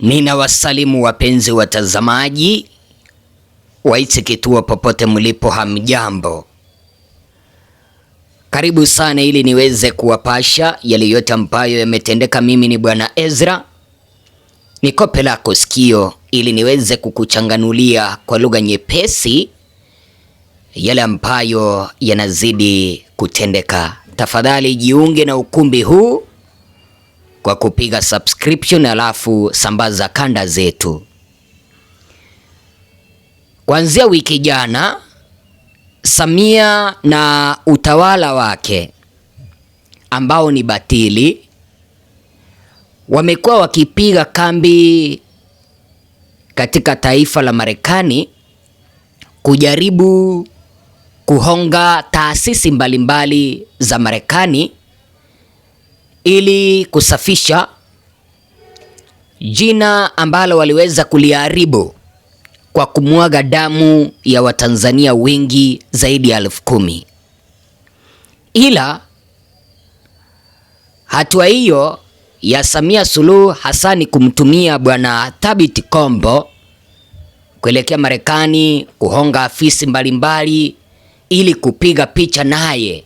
Ninawasalimu wapenzi watazamaji wa hichi kituo popote mlipo, hamjambo? Karibu sana ili niweze kuwapasha yale yote ambayo yametendeka. Mimi ni Bwana Ezra, nikope lako sikio ili niweze kukuchanganulia kwa lugha nyepesi yale ambayo yanazidi kutendeka. Tafadhali jiunge na ukumbi huu kwa kupiga subscription alafu sambaza kanda zetu. Kuanzia wiki jana, Samia na utawala wake ambao ni batili wamekuwa wakipiga kambi katika taifa la Marekani kujaribu kuhonga taasisi mbalimbali za Marekani ili kusafisha jina ambalo waliweza kuliharibu kwa kumwaga damu ya Watanzania wengi zaidi ya elfu kumi. Ila hatua hiyo ya Samia Suluhu Hassani kumtumia bwana Thabit Kombo kuelekea Marekani kuhonga afisi mbalimbali ili kupiga picha naye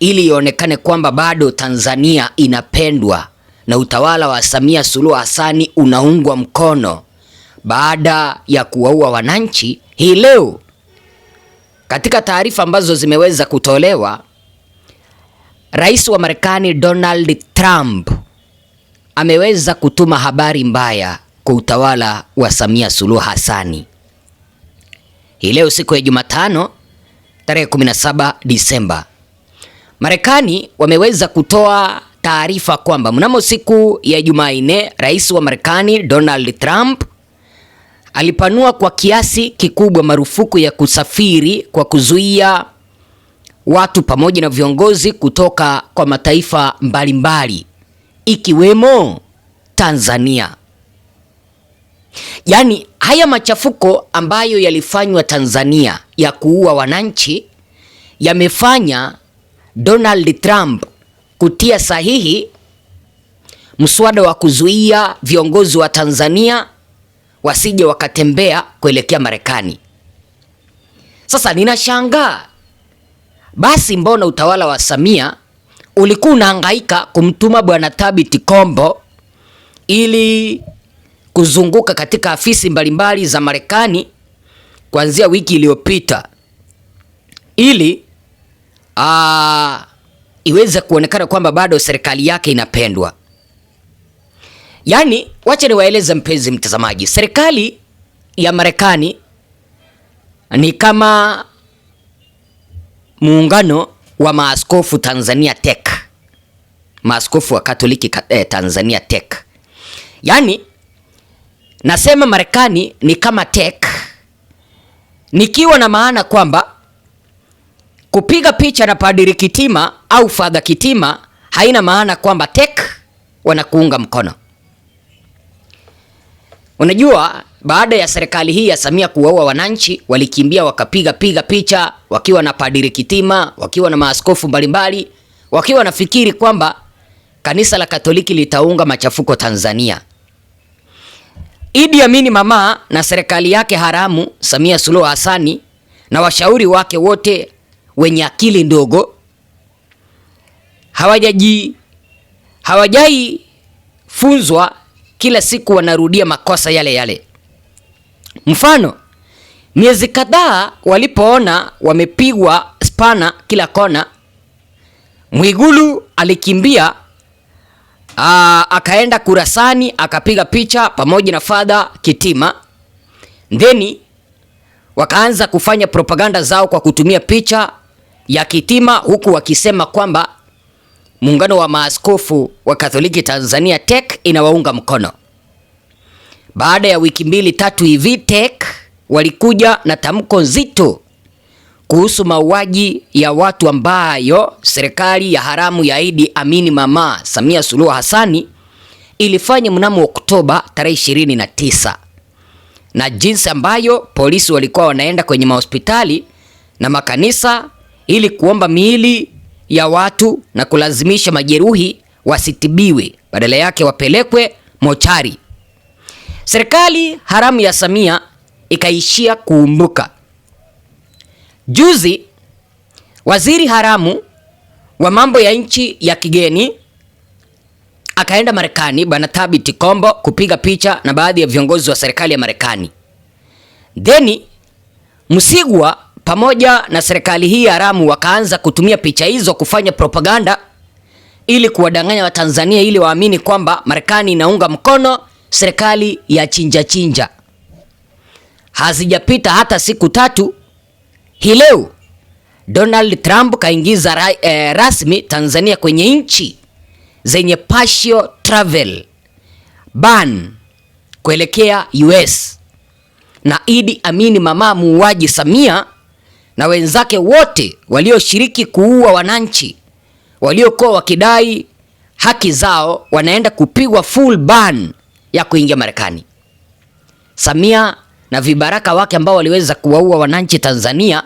ili ionekane kwamba bado Tanzania inapendwa na utawala wa Samia Suluhu Hassani unaungwa mkono. Baada ya kuwaua wananchi, hii leo katika taarifa ambazo zimeweza kutolewa, Rais wa Marekani Donald Trump ameweza kutuma habari mbaya kwa utawala wa Samia Suluhu Hassani. Hii leo siku ya Jumatano tarehe 17 Disemba Marekani wameweza kutoa taarifa kwamba mnamo siku ya Jumanne, rais wa Marekani Donald Trump alipanua kwa kiasi kikubwa marufuku ya kusafiri kwa kuzuia watu pamoja na viongozi kutoka kwa mataifa mbalimbali ikiwemo Tanzania. Yaani haya machafuko ambayo yalifanywa Tanzania ya kuua wananchi yamefanya Donald Trump kutia sahihi mswada wa kuzuia viongozi wa Tanzania wasije wakatembea kuelekea Marekani. Sasa ninashangaa basi, mbona utawala wa Samia ulikuwa unahangaika kumtuma bwana Thabit Kombo ili kuzunguka katika afisi mbalimbali za Marekani kuanzia wiki iliyopita ili uh, iweze kuonekana kwamba bado serikali yake inapendwa. Yaani, wacha niwaeleze mpenzi mtazamaji, serikali ya Marekani ni kama muungano wa maaskofu Tanzania TEC, maaskofu wa Katoliki eh, Tanzania TEC. Yaani nasema Marekani ni kama TEC, nikiwa na maana kwamba Kupiga picha na Padri Kitima au Fadha Kitima haina maana kwamba TEC wanakuunga mkono. Unajua, baada ya serikali hii ya Samia kuwaua wananchi, walikimbia wakapiga piga picha wakiwa na Padri Kitima, wakiwa na maaskofu mbalimbali, wakiwa nafikiri kwamba kanisa la Katoliki litaunga machafuko Tanzania. Idi Amini mama na serikali yake haramu Samia Suluhu Hassani na washauri wake wote wenye akili ndogo hawajaji hawajaifunzwa, kila siku wanarudia makosa yale yale. Mfano, miezi kadhaa walipoona wamepigwa spana kila kona, Mwigulu alikimbia aa, akaenda Kurasani akapiga picha pamoja na Fadha Kitima, theni wakaanza kufanya propaganda zao kwa kutumia picha ya Kitima, huku wakisema kwamba muungano wa maaskofu wa Katoliki Tanzania TEC inawaunga mkono. Baada ya wiki mbili tatu hivi TEC walikuja na tamko nzito kuhusu mauaji ya watu ambayo serikali ya haramu ya Idi Amini Mama Samia Suluhu Hassani ilifanya mnamo Oktoba tarehe 29 na jinsi ambayo polisi walikuwa wanaenda kwenye mahospitali na makanisa ili kuomba miili ya watu na kulazimisha majeruhi wasitibiwe, badala yake wapelekwe mochari. Serikali haramu ya Samia ikaishia kuumbuka. Juzi waziri haramu wa mambo ya nchi ya kigeni akaenda Marekani, bwana Thabit Kombo kupiga picha na baadhi ya viongozi wa serikali ya Marekani. Theni Msigwa pamoja na serikali hii haramu wakaanza kutumia picha hizo kufanya propaganda ili kuwadanganya Watanzania ili waamini kwamba Marekani inaunga mkono serikali ya chinja chinja. Hazijapita hata siku tatu, hii leo Donald Trump kaingiza ra, eh, rasmi Tanzania kwenye nchi zenye partial travel ban kuelekea US na Idi Amini mama muuaji Samia na wenzake wote walioshiriki kuua wananchi waliokuwa wakidai haki zao wanaenda kupigwa full ban ya kuingia Marekani. Samia na vibaraka wake ambao waliweza kuwaua wananchi Tanzania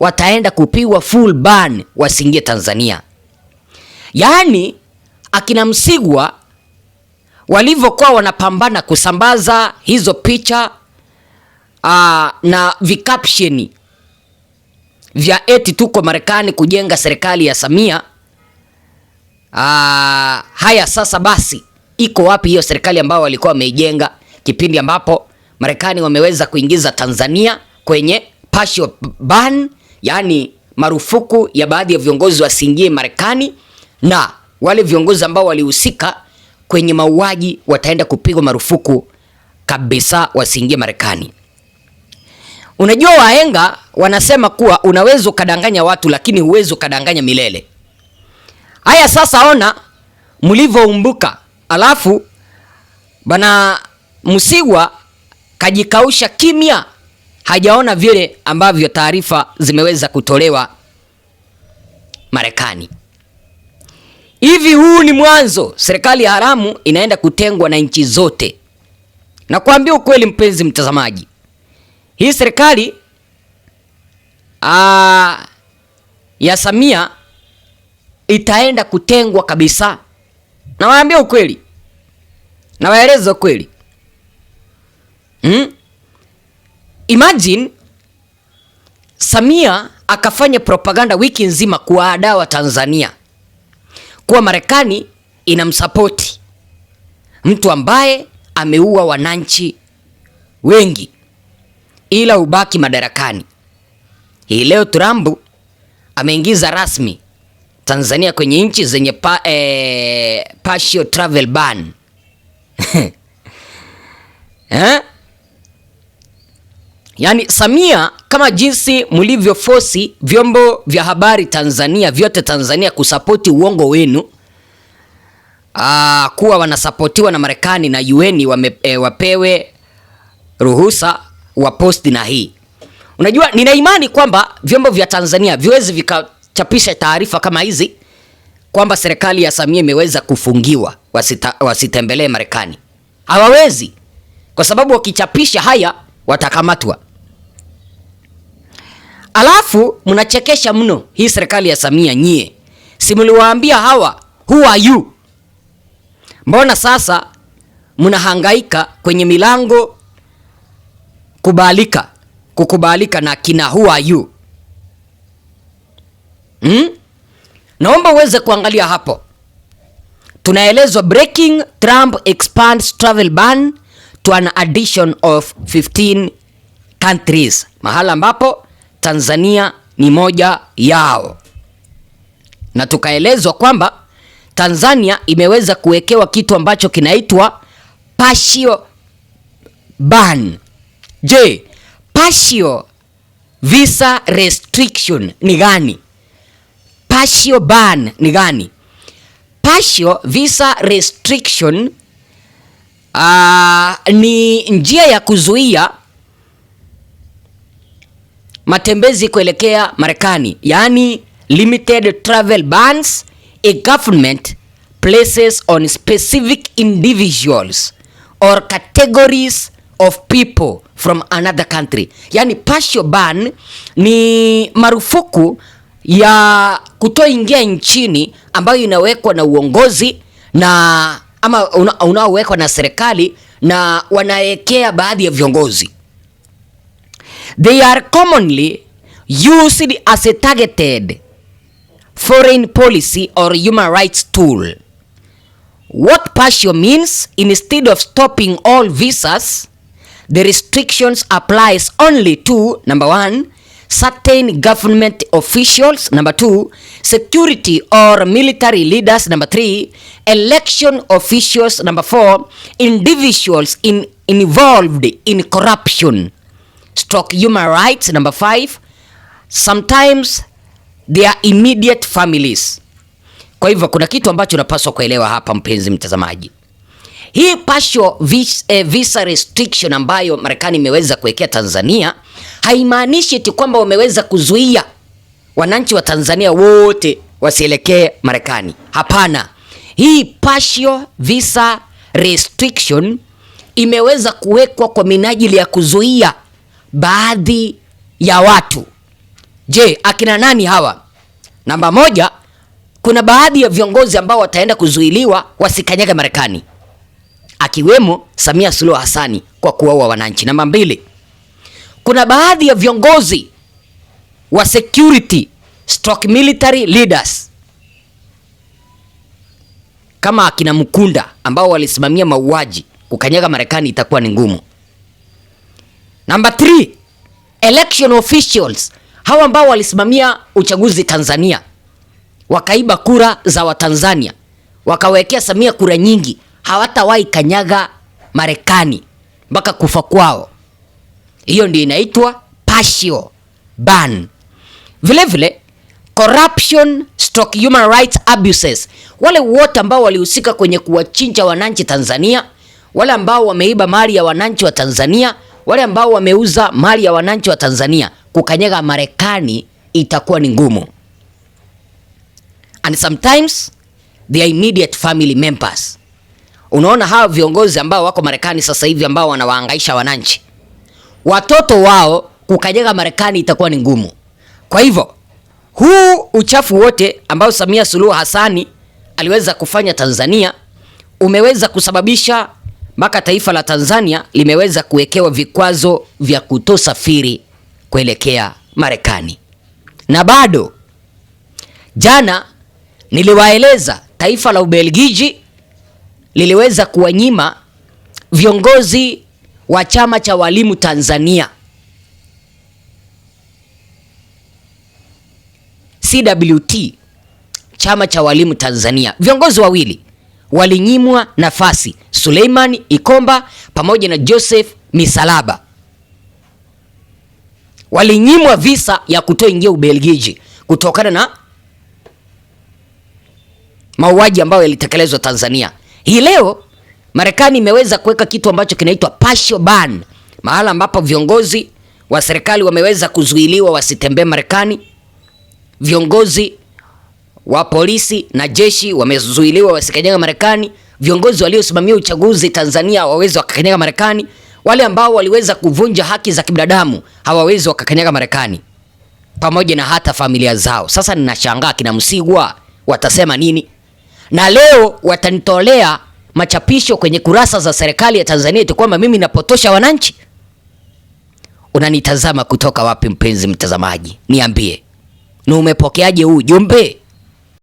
wataenda kupigwa full ban wasiingie Tanzania. Yaani akina Msigwa walivyokuwa wanapambana kusambaza hizo picha aa, na vikapsheni vya eti tuko Marekani kujenga serikali ya Samia. Aa, ah, haya sasa basi, iko wapi hiyo serikali ambayo walikuwa wameijenga kipindi ambapo Marekani wameweza kuingiza Tanzania kwenye partial ban, yani marufuku ya baadhi ya viongozi wasiingie Marekani, na wale viongozi ambao walihusika kwenye mauaji wataenda kupigwa marufuku kabisa wasiingie Marekani. Unajua wahenga wanasema kuwa unaweza ukadanganya watu lakini huwezi ukadanganya milele. Haya, sasa ona mlivyoumbuka. Alafu bana Msigwa kajikausha kimya, hajaona vile ambavyo taarifa zimeweza kutolewa Marekani. Hivi huu ni mwanzo, serikali ya haramu inaenda kutengwa na nchi zote. Na kuambia ukweli, mpenzi mtazamaji, hii serikali aa, ah, ya Samia itaenda kutengwa kabisa. Nawaambia ukweli, nawaeleza ukweli hmm? Imagine Samia akafanya propaganda wiki nzima kuwaadaa tanzania kuwa Marekani inamsapoti mtu ambaye ameua wananchi wengi ila ubaki madarakani. Hii leo Trump ameingiza rasmi Tanzania kwenye nchi zenye pa, eh, partial travel ban eh? Yaani Samia kama jinsi mlivyofosi vyombo vya habari Tanzania vyote Tanzania kusapoti uongo wenu aa, ah, kuwa wanasapotiwa na Marekani na UN wame, e, wapewe ruhusa wa posti na hii Unajua, nina imani kwamba vyombo vya Tanzania viwezi vikachapisha taarifa kama hizi kwamba serikali ya Samia imeweza kufungiwa, wasitembelee Marekani. Hawawezi, kwa sababu wakichapisha haya watakamatwa. Alafu mnachekesha mno hii serikali ya Samia nyie. Si mliwaambia hawa who are you? Mbona sasa mnahangaika kwenye milango kubalika? kukubalika na kina who are you hmm? Naomba uweze kuangalia hapo, tunaelezwa breaking Trump expands travel ban to an addition of 15 countries, mahala ambapo Tanzania ni moja yao, na tukaelezwa kwamba Tanzania imeweza kuwekewa kitu ambacho kinaitwa partial ban. Je, partial visa restriction ni gani? Partial ban ni gani? Partial visa restriction uh, ni njia ya kuzuia matembezi kuelekea Marekani, yaani limited travel bans a government places on specific individuals or categories of people from another country. Yani partial ban ni marufuku ya kutoingia nchini ambayo inawekwa na uongozi na ama unaowekwa una na serikali na wanaekea baadhi ya viongozi. They are commonly used as a targeted foreign policy or human rights tool. What partial means instead of stopping all visas the restrictions applies only to number one certain government officials number two security or military leaders number three election officials number four individuals in, involved in corruption stroke human rights number five sometimes their immediate families. Kwa hivyo kuna kitu ambacho unapaswa kuelewa hapa, mpenzi mtazamaji. Hii partial visa, eh, visa restriction ambayo Marekani imeweza kuwekea Tanzania haimaanishi eti kwamba wameweza kuzuia wananchi wa Tanzania wote wasielekee Marekani. Hapana, hii partial visa restriction imeweza kuwekwa kwa minajili ya kuzuia baadhi ya watu. Je, akina nani hawa? Namba moja, kuna baadhi ya viongozi ambao wataenda kuzuiliwa wasikanyage Marekani akiwemo Samia Suluhu hasani kwa kuwaua wananchi. Namba mbili, kuna baadhi ya viongozi wa security stroke military leaders kama akina Mkunda ambao walisimamia mauaji, kukanyaga Marekani itakuwa ni ngumu. Namba 3, election officials hawa ambao walisimamia uchaguzi Tanzania wakaiba kura za Watanzania wakawekea Samia kura nyingi hawatawahi kanyaga Marekani mpaka kufa kwao. Hiyo ndio inaitwa partial ban. Vile vile corruption stroke human rights abuses, wale wote ambao walihusika kwenye kuwachinja wananchi Tanzania, wale ambao wameiba mali ya wananchi wa Tanzania, wale ambao wameuza mali ya wananchi wa Tanzania, kukanyaga Marekani itakuwa ni ngumu. And sometimes their immediate family members Unaona hawa viongozi ambao wako Marekani sasa hivi ambao wanawahangaisha wananchi, watoto wao kukajega Marekani itakuwa ni ngumu. Kwa hivyo huu uchafu wote ambao Samia Suluhu Hassani aliweza kufanya Tanzania umeweza kusababisha mpaka taifa la Tanzania limeweza kuwekewa vikwazo vya kutosafiri kuelekea Marekani. Na bado jana niliwaeleza taifa la Ubelgiji liliweza kuwanyima viongozi wa chama cha walimu Tanzania CWT, chama cha walimu Tanzania, viongozi wawili walinyimwa nafasi, Suleiman Ikomba pamoja na Joseph Misalaba walinyimwa visa ya kutoingia Ubelgiji kutokana na mauaji ambayo yalitekelezwa Tanzania. Hii leo Marekani imeweza kuweka kitu ambacho kinaitwa partial ban, mahala ambapo viongozi wa serikali wameweza kuzuiliwa wasitembee Marekani. Viongozi wa polisi na jeshi wamezuiliwa wasikanyaga Marekani. Viongozi waliosimamia uchaguzi Tanzania hawawezi wakakanyaga Marekani. Wale ambao waliweza kuvunja haki za kibinadamu hawawezi wakakanyaga Marekani, pamoja na hata familia zao. Sasa ninashangaa kina Msigwa watasema nini? na leo watanitolea machapisho kwenye kurasa za serikali ya Tanzania tu kwamba mimi napotosha wananchi? Unanitazama kutoka wapi, mpenzi mtazamaji? Niambie, ni umepokeaje huu ujumbe?